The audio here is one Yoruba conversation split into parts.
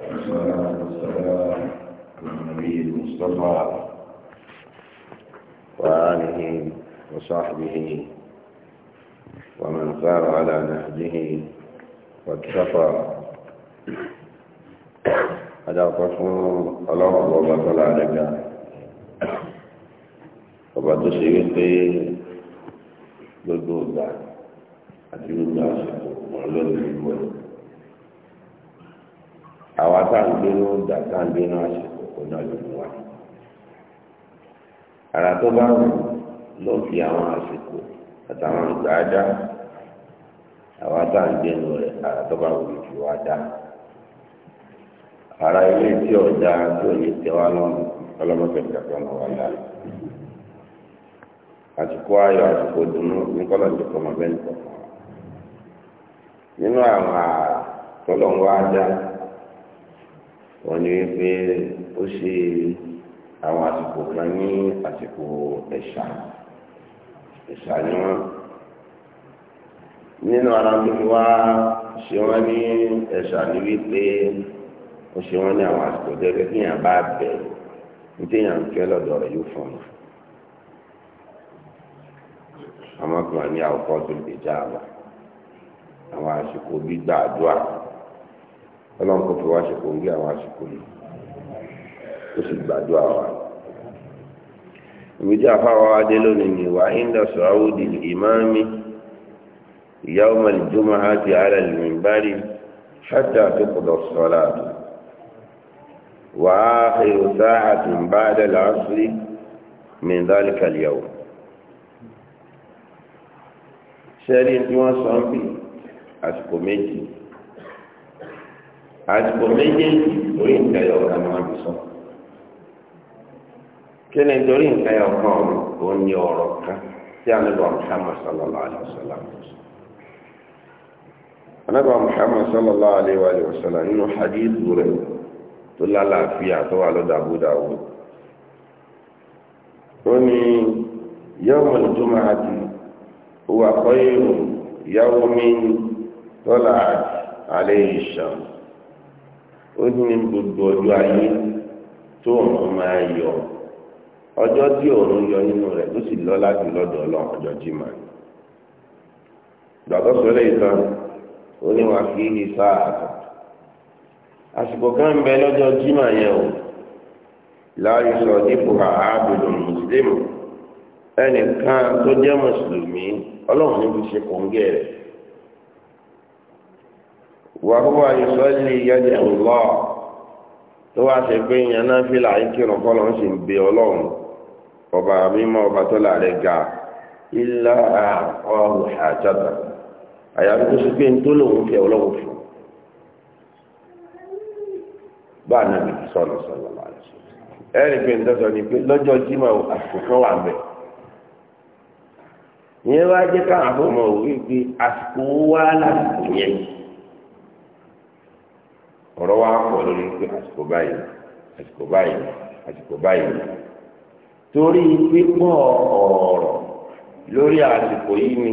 والصلاة والسلام على النبي المصطفى وآله وصحبه ومن سار على نهجه واكتفى هذا قسم الله وبطل عليك وبطل سيوتي بالدور بعد أتيب الله سيكون معلوم بالمولد àwa tá à ń gbé ló ń dà tá à ń gbé náà àsìkò kò náà ló mú wa ara tó bá wù ló fi àwọn àsìkò àtàwọn ìgbà dá àwa tá à ń gbé ló rẹ ara tó bá wù ló fi wá dá ara ilé tí ọjà tí ò ní tẹ wá lọ́nà ọlọ́mọfẹ́ ìjàpá náà wà láàyè àsìkò ayọ̀ àsìkò dùnú ní ní kọ́mọ bẹ́ẹ̀ nínú àwọn àtọ́lọ́wọ́ ajá. wọ́n ní wípé ó ṣe àwọn àsìkò kan ní àsìkò ẹ̀ṣà ẹ̀ṣà ni wọ́n nínú ara tó fi wá ṣe wọ́n ní ẹ̀ṣà ni wípé ó ṣe wọ́n ní àwọn àsìkò gẹ́gẹ́ bí èèyàn bá bẹ̀ ní téèyàn ń fẹ́ lọ́dọ̀ rẹ̀ yóò fọ́n mi. ni àwòkọ́ tó lè já àwọn ọlọ́run kò fi wá ṣe kò ń gé àwọn àsìkò yìí ó sì gbàdúrà wa. ibi tí afáwa adé lónìí ni wà índà sọ̀rọ̀ di ìmáàmì ìyá ọmọ ìjọba àti ara ìmìbárì ṣáàtà tó kọ̀dọ̀ sọ̀rọ̀ àti wà á fèrò sáà tó ń bá dẹ̀ láásìrì mìíràn kàlíyàwó. sẹ́rí tí wọ́n sọ ń bì àsìkò méjì. àsìkò méjèèjì lórí ìkẹyọ ọ̀kan ni wọ́n ti sọ kí ni torí ìkẹyọ ọ̀kan òun ni ọ̀rọ̀ kan tí sallallahu alayhi wa sallam sallallahu alayhi wa sallam hadith rẹ̀ tó lálàáfíà tó wà lọ́dọ̀ Abu Dawud ó ní yawm al-jum'ah alayhi ó ní gbogbo ọjọ́ ayé tó òun máa yọ ọjọ́ tí òun yọ nínú rẹ̀ ló sì lọ láti lọ́dọ̀ ọlọ́run ọjọ́ jimá gbàgbọ́ sọlẹ̀ ìtàn àsìkò kan bẹ lọ́jọ́ yẹn o láàyè sọ dípò àábùdù mùsùlùmí ẹnìkan tó jẹ́ mùsùlùmí ọlọ́run wàhùwà ìsọ́lì yẹ́dì ọ̀lọ́ tó wá ṣe pé ìyẹn náà fi láì kírun kọ́lọ̀ ń sì ń bẹ ọlọ́run ọba mímọ́ ọba tó láàrẹ ga ilá ọrùn àjàdà àyàfi tó ṣe pé ń tó lòun fẹ́ ọlọ́run fún bá a nàbì sọ̀rọ̀ sọ̀rọ̀ láàrẹ ẹ̀rì pé ń tọ́sọ ni pé lọ́jọ́ jímọ̀ àsìkò wà mẹ́ ìyẹn wá jẹ́ káwọn afọ́mọ̀ òwe pé àsìkò wá lásìkò yẹn ọ̀rọ̀ wa pọ̀ lórí pé àsìkò báyìí àsìkò báyìí àsìkò báyìí torí pípọ̀ ọ̀rọ̀ lórí àsìkò yìí ni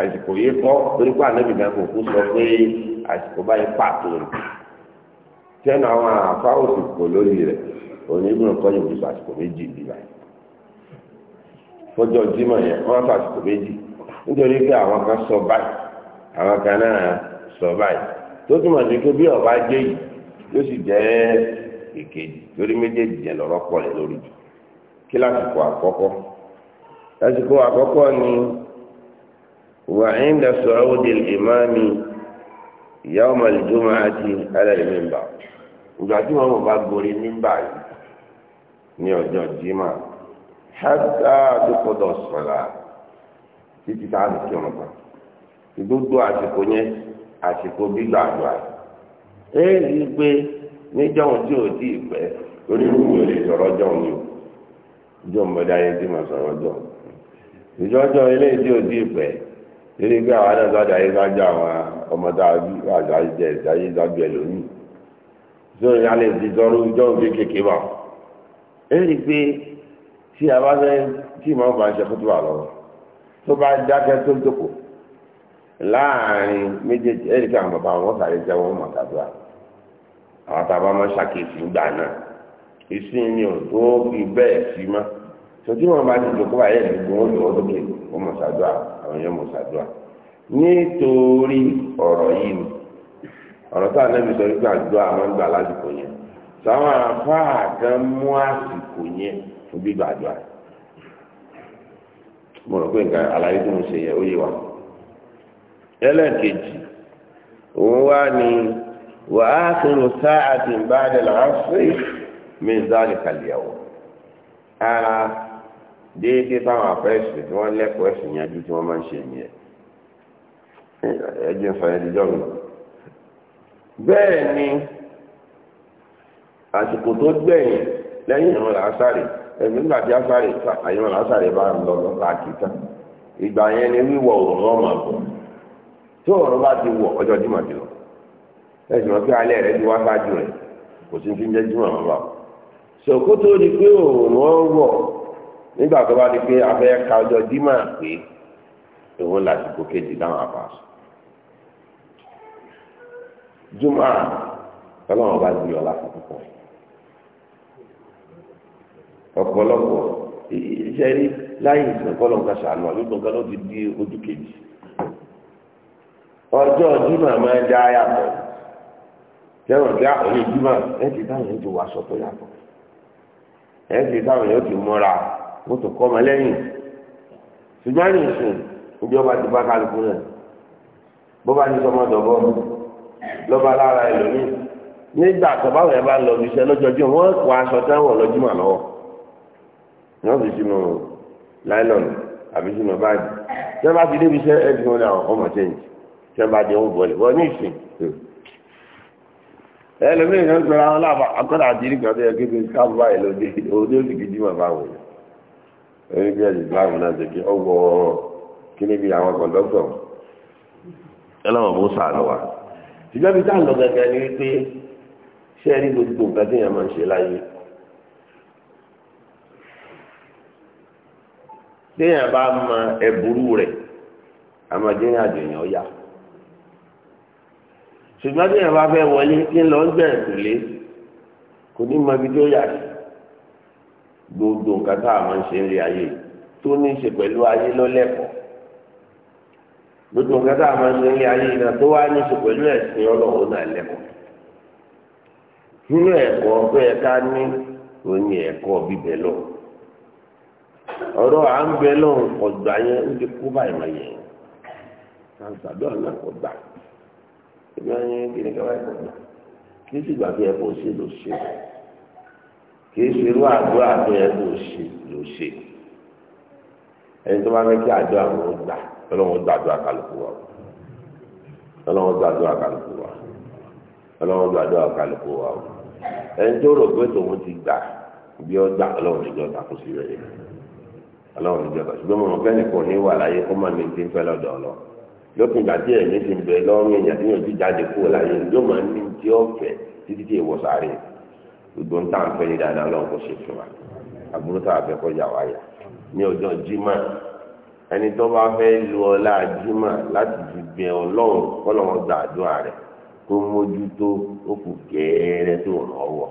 àsìkò yìí kọ́ torí pé ànábì náà kò kú sọ pé àsìkò báyìí pàtó rẹ̀ tẹ́nu àwọn àfa òsìkò lórí rẹ̀ onígbọ̀n kọ́ yóò fi àsìkò méjì fọjọ́ jímọ̀ yẹn wọ́n àsìkò méjì nítorí pé àwọn kan sọ báyìí àwọn kan náà sọ báyìí. tó túmọ̀ sí pé bí ọba jẹ́ yìí yóò sì jẹ́ èkejì torí méjèèjì yẹn lọ́rọ́ pọ̀ lé lórí jù kí lásìkò àkọ́kọ́ lásìkò àkọ́kọ́ ni wàhíńdà sọ̀rọ̀ òde ìmáàmì ìyá ọmọ ìjọba àti alẹ́ mímbà ìgbà tí wọn bá gorí mímbà yìí ní ọjọ́ jimá hátà tó kọ́dọ̀ títí tá a lè kí wọn pa ìdúdú àsìkò yẹn àsìkò gbígbà àdúrà ẹ rí i pé níjọ́hun tí ò tí ì pẹ́ onírúurú ò lè sọ̀rọ̀ jọ̀hún ni o ìjọ mọ̀dá yẹn tí mo sọ̀rọ̀ jọ̀hún ìjọ́jọ́ eléyìí tí ò tí ì pẹ́ lórí pé àwọn náà sọ́jà yìí sọ́jà àwọn ọmọ tá a bí àgbà jẹ ìjà yìí sọ́jà ẹlòmíì tó ìyá lè ti sọ̀rọ̀ jọ̀hún bí kékeré bá ẹ rí i pé tí a bá fẹ́ tí ìmọ̀ bá ń ṣe fútúwà lọ tó bá dákẹ́ tó ń dòkò láàrin méjèèjì ẹ̀rí kí bàbá wọn sáré jẹ́ wọn màkàdúrà àwọn tàbá máa ṣàkíyèsí gbà náà ìsìn ni ò tó fi bẹ́ẹ̀ sí mọ́ tí wọ́n bá ti jòkó ayé ìdìbò wọn lọ lókè wọn àwọn yẹn a sọ wípé àdúrà máa ń gbà lásìkò yẹn sáwọn afáà kan mú àsìkò yẹn fún gbígbà àdúrà mo rò pé nǹkan àlàyé tó ṣe yẹ ẹlẹ́ẹ̀kejì òun wá ní wà á kúrò sáàtì báyìí làásì mìíràn kàlíyàwó ara déédéé táwọn àfẹ́sì tí wọ́n lẹ́kọ̀ọ́ ẹ̀sìn yanjú tí wọ́n máa ń ṣe nìyẹn ẹjẹ́ sọ ẹni jọ́ mi bẹ́ẹ̀ ni àsìkò tó gbẹ̀yìn lẹ́yìn ìrún làásàrè ẹ̀mí nígbà tí àsàrè àyẹ̀wò làásàrè bá ń lọ lọ́ta àkìtà ìgbà yẹn ni wíwọ̀ òun lọ́mọ̀ bọ̀ tí òòrùn bá ti wọ̀ ọjọ́ jùmọ̀ ti lọ ẹ̀sìn wọn pé alẹ́ rẹ̀ ti wá ṣáájú rẹ̀ kò sí fi ń jẹ́ jùmọ̀ wọn bá wọn. sòkòtò ni pé òòrùn wọn wọ̀ nígbà tó bá di pé afẹ́ ka ọjọ́ jùmọ̀ pé òun làsìkò kejì láwọn àpàṣọ. jùmọ̀ ọlọ́run bá gbé ọlá fún púpọ̀ ọ̀pọ̀lọpọ̀ iṣẹ́ rí láyé ìsìnkọ́ lọ́nkà ṣàánú àbí gbọ̀ngàn ló ti di ojú kejì. ọjọ́ jimá máa ń já yàtọ̀ jẹ́wọ̀n kí àkọlé jimá ẹ̀ ti táwọn yóò ti wọ aṣọ yàtọ̀ ẹ̀ táwọn yóò ti múra mo tó kọ́ ọmọ lẹ́yìn ṣùgbọ́n ní ìsìn ọba ti bá kálukú náà bó bá ní sọmọdọ̀bọ lọ́ba lára ẹlòmíì nígbà tó báwọn yẹn bá lọ ibi iṣẹ́ lọ́jọ́jú wọ́n kó aṣọ táwọn lọ́júmọ̀ lọ́wọ́ wọ́n fi sínú láìlọ́nù àbí sínú báàgì tí wọ́n bá fi débi iṣẹ́ ẹ̀ fi ọmọ tẹ́yìn. tí wọ́n bá jẹ́ owó bọ̀lẹ̀ wọ́n ní ìsìn ẹlẹ́mìí kan sọ àwọn aláàbà akọ́dà àti ìrìnkà tó yẹ kí ní káàbù báyìí ló dé òun ní oṣù kejì màmá wò ó ẹni bí ẹni islam náà ṣe kí ọwọ́ kí ni bí àwọn kọ̀ǹdọ́tọ̀ ẹlọ́wọ̀n bó sàánù wa ṣùgbọ́n bí táà ń lọ gẹ́gẹ́ ni wípé ṣé ẹni gbogbo nǹkan tí èèyàn máa ń ṣe láyé téèyàn bá mọ ẹ̀bùrú rẹ̀ àmọ́ jẹ́yìn àjòyàn ó yá. ṣùgbọ́n tí ìyàwó afẹ́ wọlé kí ń lọ ń bẹ̀rẹ̀ tòlé kò ní mọ ibi tó yà sí gbogbo nǹkan tá a máa ń ṣe ń rí ayé tó ní í ṣe pẹ̀lú ayé lọ́lẹ́kọ̀ọ́ gbogbo nǹkan tá a máa ń ṣe ń rí ayé tó wá ní í ṣe pẹ̀lú ẹ̀sìn ebi wọn yẹn kí ni ká báyìí kọ̀ọ̀kan kí sì gbà tó yẹ kó ṣe ló ṣe kì í ṣe irú àdúrà tó yẹ kó ṣe ló ṣe ẹni tó bá fẹ́ kí àdúrà wọn gbà ọlọ́wọ́n gbàdúrà kálukú wa ọlọ́wọ́n gbàdúrà kálukú wa ọlọ́wọ́n gbàdúrà kálukú wa ẹni tó rò pé tòun ti gbà bí ọ gbà ọlọ́wọ́n níjọ́ takò sí rẹ̀ ọlọ́wọ́n níjọ́ takò ṣùgbọ́n mo mọ̀ kẹ́nìkan ní wà láyé kó má ní ti ń fẹ́ lọ́dọ̀ ọlọ́wọ́ lópin ìgbà tí ẹ̀mí ti ń bẹ lọ́rùn èèyàn tí yóò ti jáde kúrò láyé yóò máa ní tí ó títí tí èèwọ̀ sáré gbogbo ń tà ń fẹ́ ní dáadáa ọlọ́run kò ṣe fún wa àbúrò tá a fẹ́ kọjá wa yà ní ọjọ́ jimá ẹni tó bá fẹ́ lu ọlá jimá láti fi bẹ ọlọ́run kọ́lọ́run gbàdúrà rẹ̀ kó mójútó ó kù kẹ́ẹ́rẹ́ tó ràn ọwọ́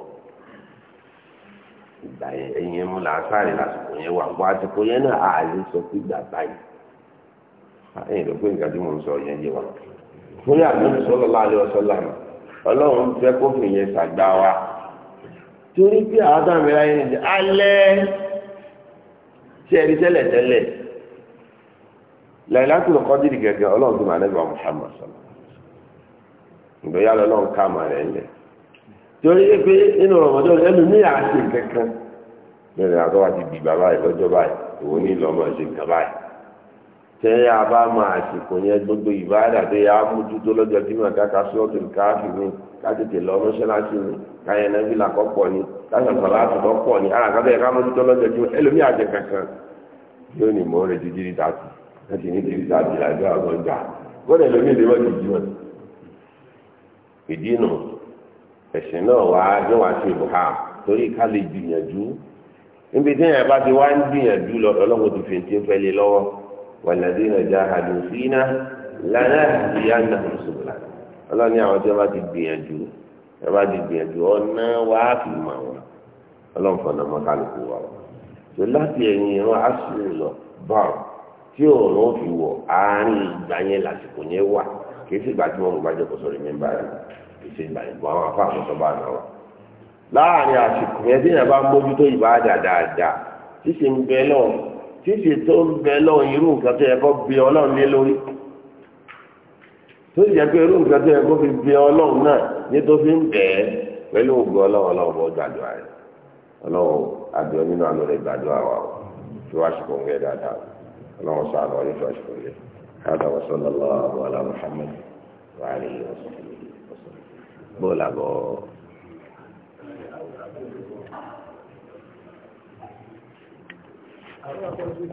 ìgbà yẹn ẹ̀yin mú làásàrè lásìkò yẹn wà wá àsìkò yẹn náà àlè sọ pé ìgbà báyìí Ah, ẹ̀yìn ló gbé nǹkan tí mo ń sọ yẹn yé wa fún yà ló ń sọ lọ́la àlẹ́ ọ̀sọ́lá yẹn wa torí pé àwọn tó àmì láyé alẹ́ tẹ́lẹ̀ tẹ́lẹ̀ gẹ́gẹ́ ọlọ́run Muhammad ká rẹ̀ ńlẹ̀ torí pé ọmọdé ní àṣẹ kankan ti bì bàbá báyìí òun ní ìlọ́mọ ẹ̀ṣẹ̀ nǹkan báyìí tẹ́yà bá máa àsìkò yẹn gbogbo ìbáàdà tó yà á mójútó lọ́jọ́ tí màá káka sọ́ọ̀tù káàfì mi ká tètè lọ mọ́ṣáláṣí mi káyẹn náà fìlà kọ́ pọ̀ ni káṣà sọ̀rọ̀ àtúntò pọ̀ ni ara kan ká mójútó lọ́jọ́ tí ẹlòmíì àjẹ kankan yóò ní mọ́ rẹ̀ jíjírí dàtí láti ní jíjírí dàtí àjọ àwọn ìgbà gbọ́dọ̀ ẹlòmíì lè jíjí wọn. ìdí ẹ̀sìn náà wá ní wàá ṣe ìbùhá torí ká lè gbìyànjú níbi tí èèyàn bá ti wá ń gbìyànjú lọ ti fèntì ń lọ́wọ́ والذين جاهدوا فينا لنهدينهم سبلنا ọlọ́run ní àwọn tí wọ́n bá ti gbìyànjú wọ́n bá ti gbìyànjú ọ̀nà wa fi mọ̀ wọn ọlọ́run fọ̀nà mọ́ kálukú wa wọn. tó láti ẹ̀yìn ìran asùn lọ tí òòrùn ó fi wọ̀ àárín ìgbà yẹn lásìkò yẹn wà kìí sì gbà tí wọ́n bá jẹ́ kó sọ̀rọ̀ mẹ́mbà rẹ̀ kìí sì gbà àwọn afọ títí tó ń bẹ lọ́wọ́ irú nǹkan tó yẹ kó bí ọlọ́run lé lórí tó yẹ kó irú nǹkan tó yẹ kó fi bí ọlọ́run náà ní tó fi ń bẹ̀ ẹ́ pẹ̀lú ògùn ọlọ́run ọlọ́run bọ́ gbàdúrà rẹ̀ ọlọ́run àdúrà nínú àná rẹ̀ gbàdúrà wa o tí wàá ṣùkò ń dáadáa ọlọ́run sáà lọ́ọ́ nífẹ̀ẹ́ ṣùkò ń gẹ́ dáadáa wa sallallahu ala 好的老师我给